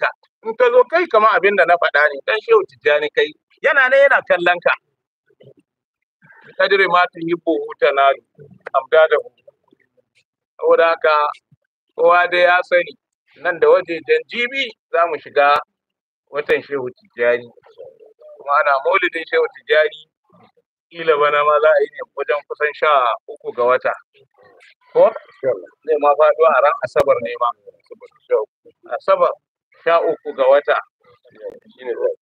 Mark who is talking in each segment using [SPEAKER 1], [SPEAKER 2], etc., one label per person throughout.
[SPEAKER 1] ka, in ka zo kai kamar abin da na faɗa ne dan shehu tijjani kai yana ne yana kallon ka kadiri ma ta yi buhu ta amda da hu saboda haka kowa dai ya sani nan da waje jan jibi za mu shiga watan shehu tijjani kuma ana maulidin shehu tijjani kila bana ma za a yi ne wajen kusan sha uku ga wata ko zai ma faɗo a ran asabar ne ma asabar sha uku ga wata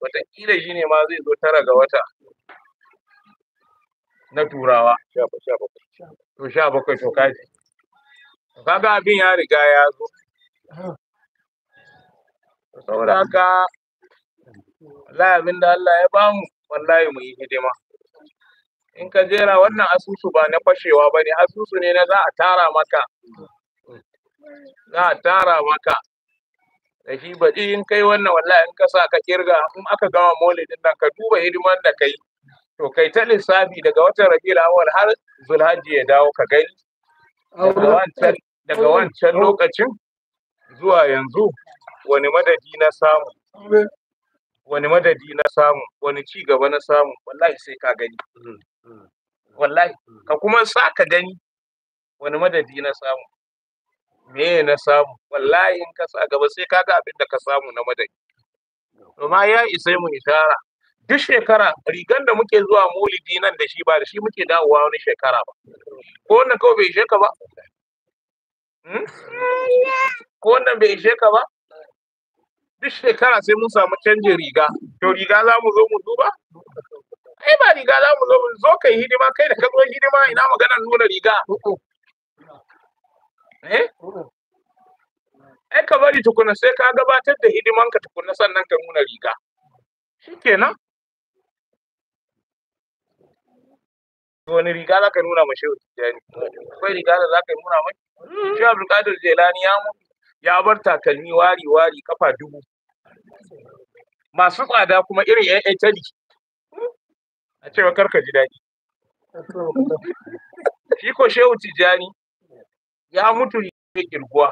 [SPEAKER 1] wataƙila shi ne ma zai zo tara ga wata na turawa to sha bakwai to kaji kaga abin ya riga ya zo saboda haka wallahi abin da Allah ya bamu wallahi mu yi hidima in ka jera wannan asusu ba na fashewa ba ne asusu ne na za a tara maka za a tara maka da shi baɗi in kai wannan wallahi in ka sa ka kirga in aka gama maulidin nan ka duba hidimar da kai to kai ta lissafi daga watan rabiul awwal har zulhajji ya dawo ka gani daga wancan lokacin zuwa yanzu wani madadi na samu wani madadi na samu wani ci gaba na samu wallahi sai ka gani hmm. wallahi ka kuma sa ka gani wani madadi na samu me na samu wallahi in ka sa gaba sai ga abin da ka samu na madadi ma ya isa mu ishara duk shekara rigan da muke zuwa maulidi nan da shi ba da shi muke dawowa wani shekara ba ko wannan kawai bai ishe ka ba hmm? ko wannan bai ishe ka ba duk shekara sai mun samu canjin riga to riga za mu zo mu duba ai ba riga za mu zo mu zo kai hidima kai da ka zo hidima ina maganar nuna riga eh ai ka bari tukuna sai ka gabatar da hidimanka tukuna sannan ka nuna riga shikenan wani riga za ka nuna ma shehu tijjani akwai riga da za ka nuna mai shehu abdulkadir jelani ya mutu ya bar takalmi wari wari kafa dubu masu tsada kuma irin yan etali a kar ka ji daɗi shi ko shehu tijjani ya mutu ne kirguwa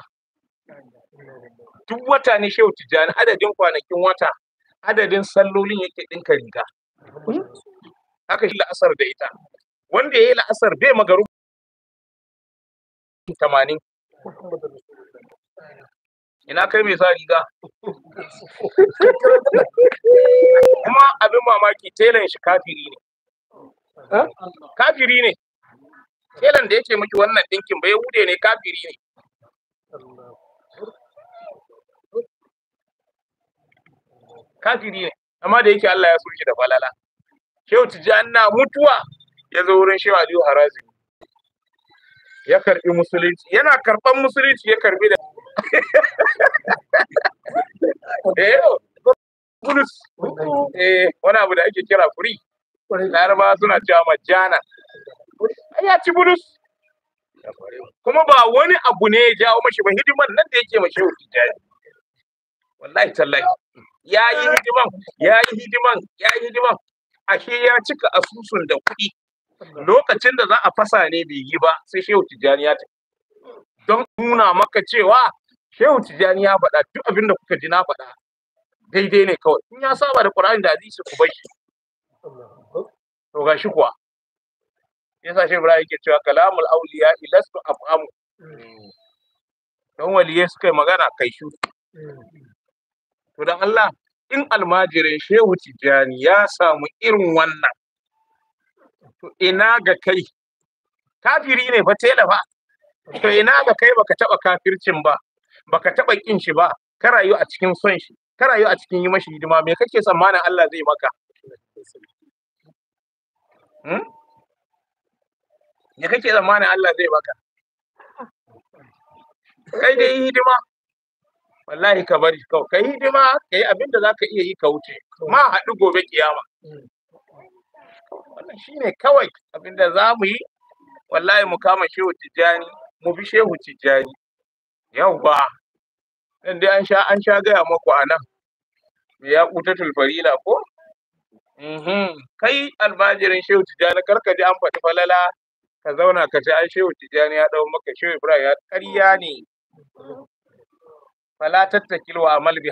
[SPEAKER 1] duk wata ne shehu tijjani adadin kwanakin wata adadin sallolin yake ɗinka riga haka shi la'asar da ita wanda ya yi la'asar bai magaru tamanin ina kai mai sa riga kuma abin mamaki telan shi kafiri ne kafiri ne telan da yake miki wannan dinkin bai hude ne kafiri ne kafiri ne amma da yake Allah ya so shi da falala shehu tijanna mutuwa ya zo wurin shehu Aliyu Harazi ya karbi musulunci yana karban musulunci ya karbi da Eh, bulus, eh, wani abu da ake kira furi, laraba suna cewa majana. Ya ci bulus. Kuma ba wani abu ne ya jawo mashi ba hidiman nan da yake mashi yau tijari. Wallahi tallahi. Ya yi hidiman, ya yi hidiman, ya yi hidiman. Ashe ya cika asusun da kuɗi. Lokacin da za a fasa ne bai yi ba sai shehu tijjani ya tafi. Don nuna maka cewa shehu tijani ya faɗa duk abin da kuka ji na faɗa daidai ne kawai in ya saba da qur'ani da hadisi ku bar shi to shi kuwa yasa shehu ibrahim yake cewa kalamul awliya ilastu afamu don waliyai suka yi magana kai shu to dan Allah in almajirin shehu tijani ya samu irin wannan to ina ga kai kafiri ne fa tela fa to ina ga kai baka taba kafircin ba baka taɓa ƙin shi ba ka rayu a cikin son shi ka rayu a cikin yi mashi hidima me kake tsammanin Allah zai maka hmm? me kake tsammanin Allah zai maka kai dai hidima wallahi ka bari kawai ka hidima ka yi abin da za ka iya yi ka wuce ma haɗu gobe kiyama wannan shine kawai abin da za mu yi wallahi mu kama shehu tijjani mu bi shehu tijjani ba. nan dai an sha an sha gaya maku a nan me ya tulfari tulfarila ko mhm. kai almajirin shehu Kar ka ji an faɗi falala ka zauna ka ji an shehu tijani ya dawo maka shehu ibrahim ya ƙarya ne fala tattakil wa amal bi